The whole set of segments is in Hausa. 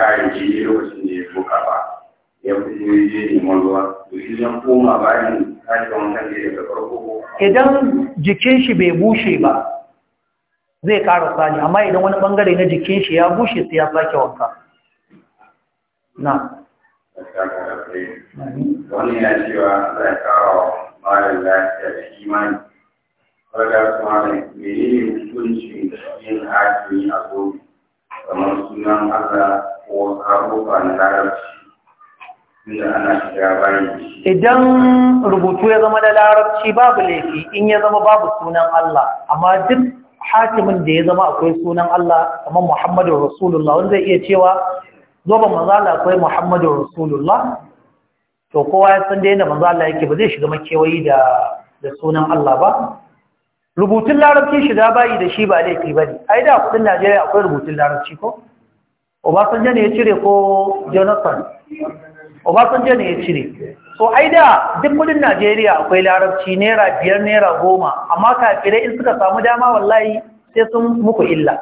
kayan jini lokacin da ya toka ba ya fito ya je neman ruwa to idan koma bayan tashi wankan da daga farko idan jikin shi bai bushe ba zai ƙara sani amma idan wani ɓangare na jikin shi ya bushe sai ya sake wanka na wani ya cewa za a kawo mara lafiya da imani wadda kuma ne menene hukuncin yin hakimi a gobe kamar sunan Allah Idan rubutu ya zama da larabci babu laifi in ya zama babu sunan Allah, amma duk hakimin da ya zama akwai sunan Allah kamar Muhammadu Rasulullah wanda zai iya cewa zoben manzala akwai Muhammadu Rasulullah, to kowa ya san da yadda manzala yake ba zai shiga makewayi da sunan Allah ba. Rubutun larabci shiga bayi da shi ba laifi ba ne, ai da kudin Najeriya akwai rubutun larabci ko? Obasanjo ne ya cire ko Jonathan? Obasanjo ne ya cire. So, ai da duk kudin Najeriya akwai larabci naira biyar naira goma, amma kafirai in suka samu dama wallahi sai sun muku illa.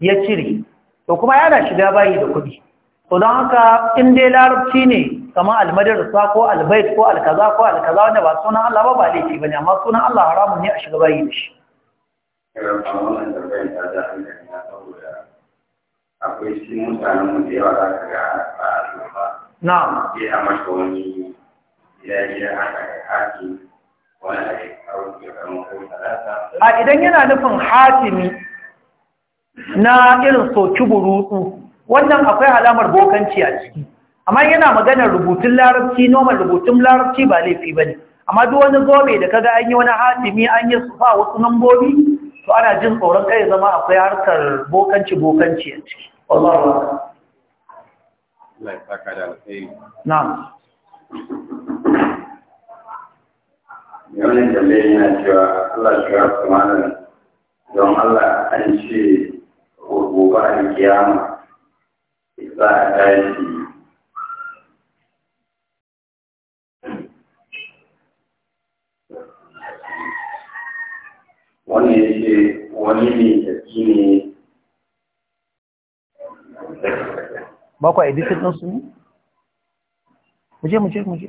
Ya cire. To, kuma yana shiga bayi da kudi. To, don haka in dai larabci ne kamar sa ko albait ko alkaza ko alkaza wanda ba sunan Allah ba ba laifi ba ne, amma sunan Allah haramun ne a shiga bayi da shi. akwai shi mutanen mu da yawa za ka ga ba a ba. Na. a wani gida haka ya karo ke karo ko talata. A idan yana nufin hatimi na irin soki burutsu wannan akwai alamar bokanci a ciki. Amma yana maganar rubutun larabci, noman rubutun larabci ba laifi ba ne. Amma duk wani zobe da kaga an yi wani hatimi an yi sufa wasu nambobi to ana jin tsoron kai zama akwai harkar bokanci bokanci a ciki wallahi Allah ya saka da alkhairi na'am yawan yana cewa Allah shiga kumanin don Allah an ce gobe a kiyama za a tashi Bahaushe ya ce wani ne tafi ne ba kwa editin ɗinsu ne? muje muje muje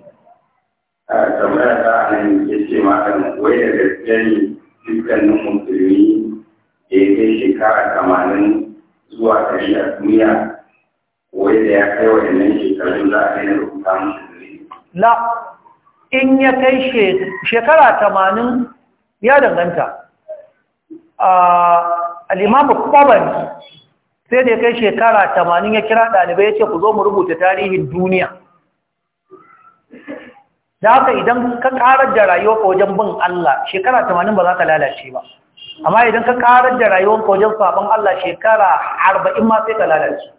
a tambaya ta hannun ya ce makan wai da gaske ne dukkanin musulmi da ya kai shekara tamanin zuwa ɗari a duniya wai da ya kai wa yanayin shekarun za a yi rubuta musulmi la in ya kai shekara tamanin ya danganta Ah, al'imamu kwabari sai da ya kai shekara tamanin ya kira ɗalibai ya ce ku zo mu rubuta tarihin duniya da haka idan ka ƙarar da ko wajen bin Allah shekara tamanin ba za ka lalace ba amma idan ka ƙarar da ko wajen sabon Allah shekara arba'in ma sai ka lalace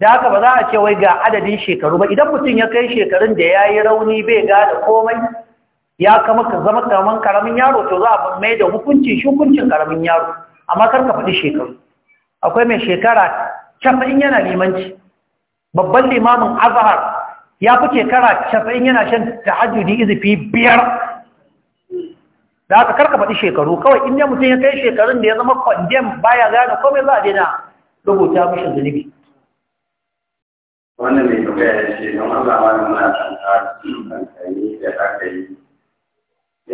da haka ba za a ce wai ga adadin shekaru ba idan mutum ya kai shekarun da ya yi rauni bai gada komai ya kama ka zama kaman karamin yaro to za a mai da hukunci shukuncin karamin yaro amma kar ka faɗi shekaru akwai mai shekara casa'in yana limanci babban limamin azahar ya fi shekara casa'in yana shan hajjudi izufi biyar da aka karka faɗi shekaru kawai in mutum ya kai shekarun da ya zama kwandem baya gane komai za a daina rubuta mashi zunubi wannan mai tambaya ya ce don Allah wani muna kan tsari da aka yi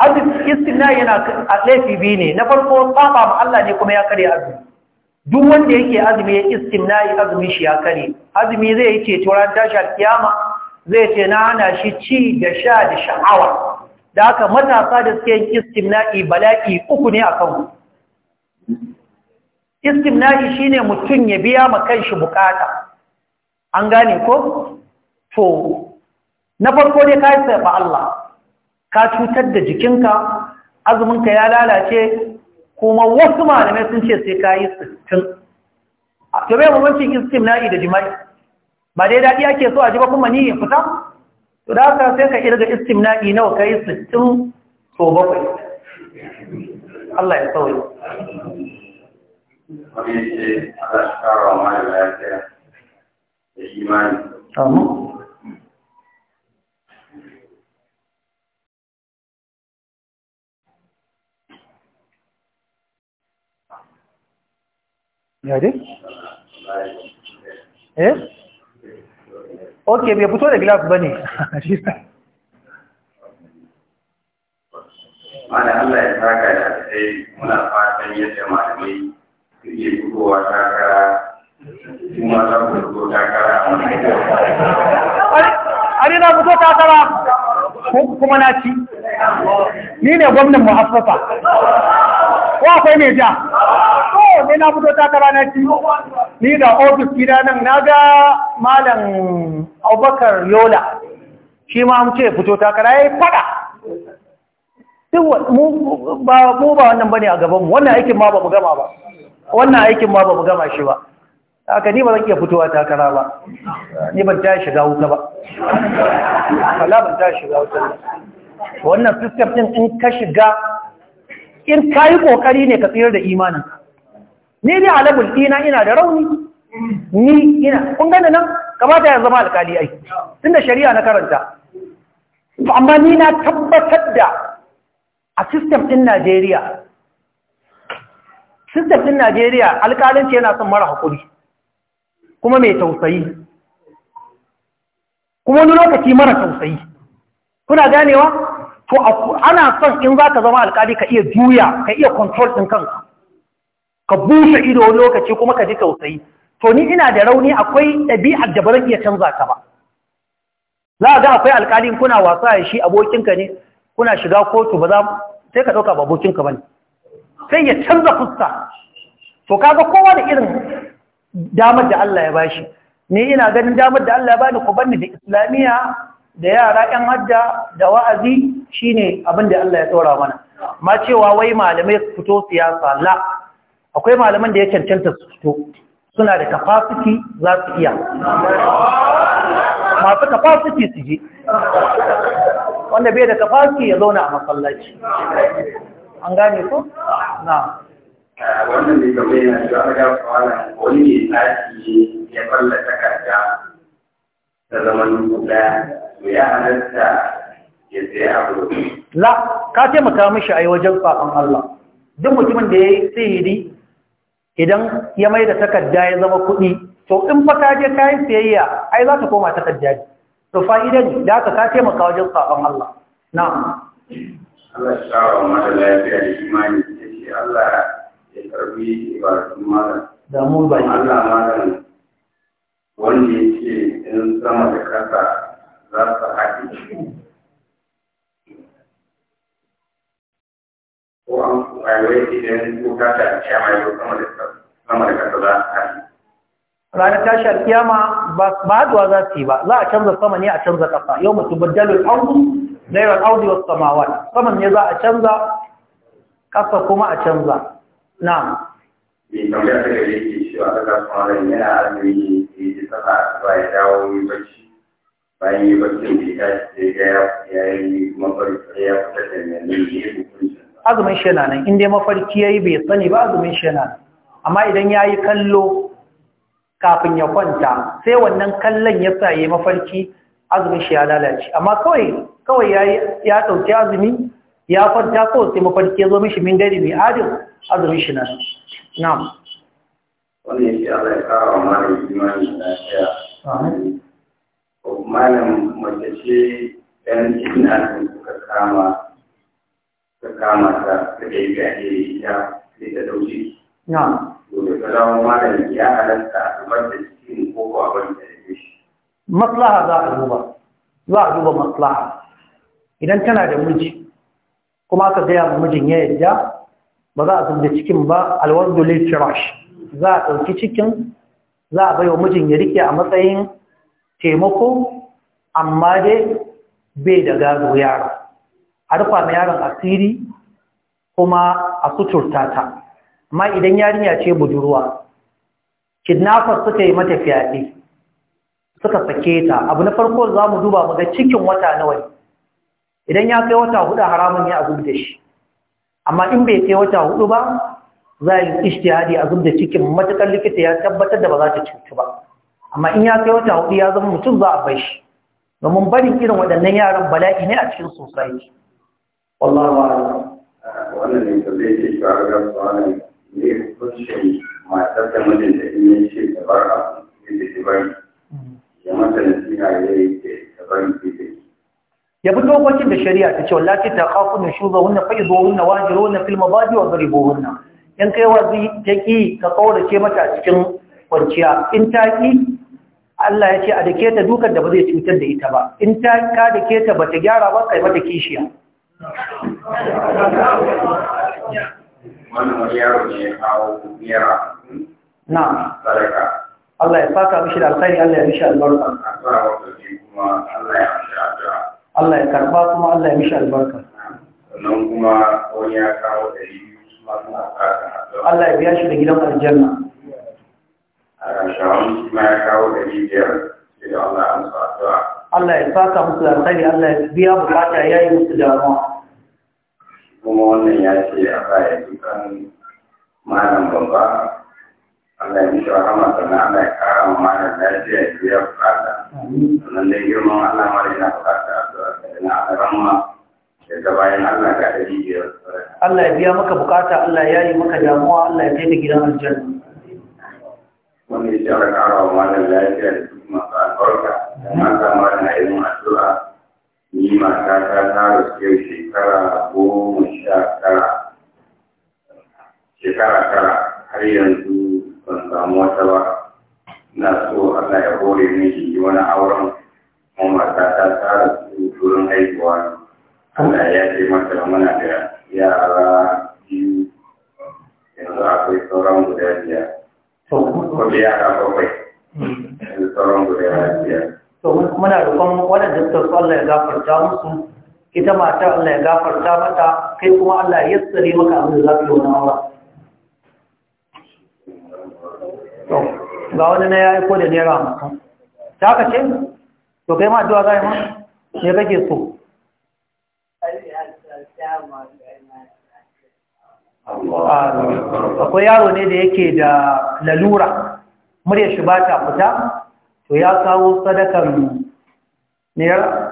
azumi istina yana laifi biyu ne na farko tsafa ma Allah ne kuma ya kare azumi duk wanda yake azumi ya istimna'i azumi shi ya kare azumi zai yi ceto ran tashi kiyama, zai ce na hana shi ci da sha da sha'awa da haka matasa da suke yin bala'i uku ne a kanku shi ne mutum ya biya ma kanshi bukata an gane ko to na farko ne ka yi sai ba Allah ka cutar da jikinka azuminka ya lalace kuma wasu malamai sun ce sai ka yi sittin to bai mamancin na'i da jima'i ba dai daɗi ake so a ji ba kuma ni ya fita to da haka sai ka irga na'i nawa ka yi sittin so bakwai Allah ya sauye Amin ce Allah shi da ya dai eh ok bai fito da glass ba ne sa mana Allah ya saka da sai muna fatan yadda malamai suke fitowa takara kuma za ku fito takara a wani Ari na fito takara kuma na ci ni ne gwamnan muhaffafa ko akwai mai ja ne na fito takara na ci ni da ofis gida nan na ga malam abubakar yola shi ma mu ce fito takara ya yi fada mu ba wannan ba ne a mu, wannan aikin ma ba mu gama ba wannan aikin ma ba mu gama shi ba haka ni ba zan iya fitowa takara ba ni ban ta shiga wuta ba wala ban ta shiga wuta ba wannan system din in ka shiga in ka yi kokari ne ka tsira da imanin ni dai alabul dina ina da rauni ni ina kun gane nan kamata ya zama alkali ai tunda shari'a na karanta amma ni na tabbatar da a system din Najeriya system din Najeriya alkalanci yana son mara hakuri kuma mai tausayi kuma wani lokaci mara tausayi kuna ganewa to ana son in zaka zama alkali ka iya juya ka iya control ɗin kanka ka bushe ido lokaci kuma ka ji tausayi to ni ina da rauni akwai ɗabi'ar da ba iya canza ta ba za ga akwai alƙalin kuna wasa ya shi abokinka ne kuna shiga kotu ba za sai ka ɗauka ba abokinka ba ne sai ya canza fuska to kaga kowa da irin damar da Allah ya bashi ni ina ganin damar da Allah ya bani ku banni da islamiyya da yara ƴan hadda da wa'azi shine abin da Allah ya tsora mana ma cewa wai malamai su fito siyasa la akwai malaman da ya cancanta su fito suna da capacity za su iya masu capacity su je wanda bai da capacity ya zauna a masallaci an gane ko na wannan ne game yana shi a ga kwana wani ne ya falla takarda ta zaman guda ya halatta ya sai abu la ka taimaka mishi a yi wajen Allah duk mutumin da ya yi sihiri idan ya mai da takarda ya zama kuɗi to in fa ka je kayan siyayya ai za ta koma takarda ne to fa'ida ne da aka ka taimaka wajen sabon Allah na Allah ya kawo mata lafiya da imani da shi Allah ya karbi ibadun malam da mu ba Allah malam wanda yake in sama da kasa za su haɗe ko an wai idan ko ta ta ce mai sama da sama da alkiyama ba haduwa za su yi ba za a canza sama ne a canza kasa yau mutu baddalin audu zairar audu wasu samawa saman ne za a canza kasa kuma a canza na azumin shi na nan inda mafarki ya yi bai sani ba azumin shi amma idan ya yi kallo kafin ya kwanta sai wannan kallon ya sa mafarki azumin shi ya lalace amma kawai kawai ya ɗauki azumi ya kwanta kawai sai mafarki ya zo mishi min gari mai adil azumin shi na na wani ya kawo na malam ce ɗan suka kama kama ya na Maslaha za a duba, maslaha. Idan tana da miji, kuma ka gaya ma mijin ya yadda ba za a zub da cikin ba alwardu lil Za a ɗauki cikin, za a baiwa mijin ya rike a matsayin taimako, amma dai bai da gado yaron, A rufa ma yaron asiri kuma a suturta ta. amma idan yarinya ce budurwa kidnapper suka yi mata fyaɗe suka sake ta abu na farko za mu duba mu ga cikin wata nawa ne idan ya kai wata hudu haramun ya azub da shi amma in bai kai wata hudu ba za a yi ishtihadi a zub da cikin matakan likita ya tabbatar da ba za ta cutu ba amma in ya kai wata hudu ya zama mutum za a bai shi domin barin irin waɗannan yaran bala'i ne a cikin sosai wallahi wannan ne da zai ce shi a ga ne hukuncin matar da mijin in yi da bar abu da ta bari ya mata nasiha ya yi ta bari ta ya fi dokokin da shari'a ta ce wallahi ta khafu na shuba hunna faidu hunna wajiru hunna fil wa in kai wazi ta ki ka ce mata cikin kwanciya in ta ki Allah ya ce a dake ta dukan da ba zai cutar da ita ba in ta ka dake ta bata gyara ba kai mata kishiya wannan wani yaro ne ya kawo naira na sadaka Allah ya saka mishi da alkhairi Allah ya mishi albarka kuma Allah ya mishi addu'a Allah ya karba kuma Allah ya mishi albarka sannan kuma wani ya kawo ɗari kuma suna saka Allah ya biya shi da gidan aljanna a rashawan shi ma ya kawo ɗari biyar sai Allah ya amsa addu'a Allah ya saka musu da alkhairi Allah ya biya bukata ya yi musu damuwa kuma wannan ya ce a baya dukan malam babba Allah ya mishi rahama sannan Allah ya kara ma malam lafiya ya biya bukata sannan dai girman Allah ma yana bukata addu'a na arama ya ga bayan Allah ga ɗari biyar Allah ya biya maka bukata Allah ya yi maka damuwa Allah ya kai ka gidan aljanna wanda ya shara kara wa malam lafiya da duk masu albarka mata ma na yin addu'a ni mata ta tara su yau shekara goma sha tara shekara tara har yanzu ban samu wata ba na so Allah ya hore min shi wani auren kuma ta ta tsara turin haihuwa Allah ya ce mata muna da yara biyu yanzu akwai sauran guda biyar ko da yara bakwai mm. yanzu sauran guda biyar. To muna roƙon waɗanda suka Allah ya gafarta musu ita mata Allah ya gafarta mata kai kuma Allah ya tsare maka abin da za ka yi wani aura ga wani na ya aiko da naira maka ta ka ce to kai ma duwa za yi ma ne kake so ah, akwai yaro ne da yake da lalura murya shi ba ta fita to ya kawo sadakar naira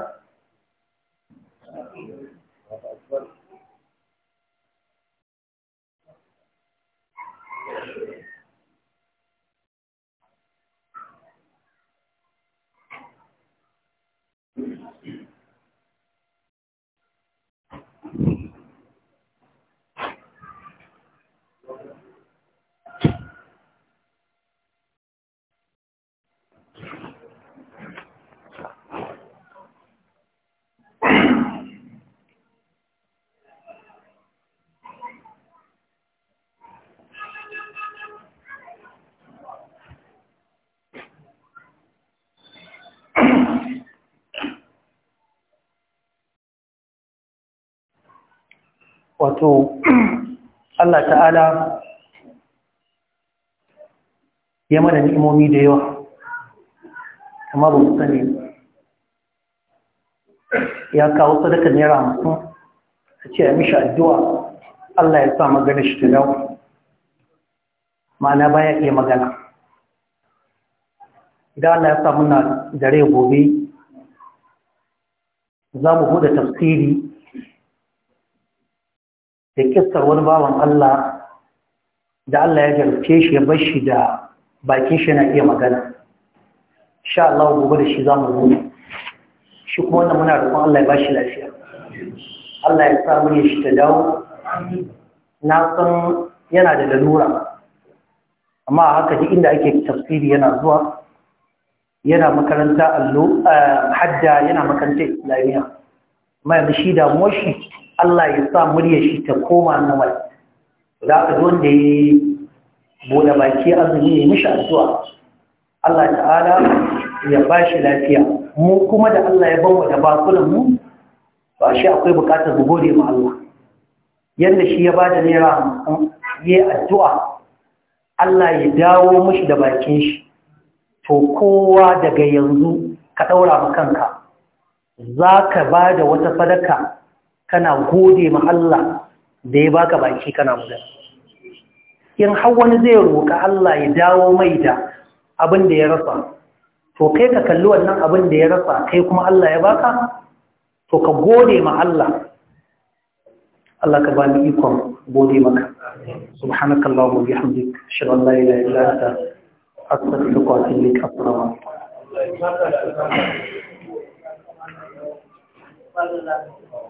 wato Allah ta'ala ya mana ni'imomi da yawa kama ba sani ya kawo sadakar naira hamsin a ce ya mishi addu'a Allah ya sa magana shi ta ma'ana baya iya magana idan Allah ya sa muna dare gobe za mu huda tafsiri da kistar wani bawan Allah da Allah ya jarfe shi ya bar shi da bakin shi na iya magana sha Allah gobe da shi za mu zo shi kuma wannan muna roƙon Allah ya ba shi lafiya Allah ya sa mu shi ta dawo na san yana da lalura amma haka duk inda ake tafsiri yana zuwa yana makaranta allo eh, hadda yana makaranta islamiyya amma da shi damuwar shi Allah ya sa murya shi ta koma normal za ka zo da ya bude baki azumi ya mishi addu'a Allah ta'ala ya ba shi lafiya mu kuma da Allah ya bamu da bakulan mu ba shi akwai bukatar mu gode ma Allah yanda shi ya bada naira ya yi addu'a Allah ya dawo mishi da bakin shi to kowa daga yanzu ka ɗaura ma kanka za ka ba da wata sadaka kana gode ma Allah da ya baka baki kana magana in har wani zai roka Allah ya dawo mai da abin da ya rasa to kai ka kalli wannan abin da ya rasa kai kuma Allah ya baka to ka gode ma Allah Allah ka bani iko ikon gode maka subhanakallahu wa bihamdik ashhadu an la ilaha illa anta astaghfiruka wa atubu ilayk assalamu alaikum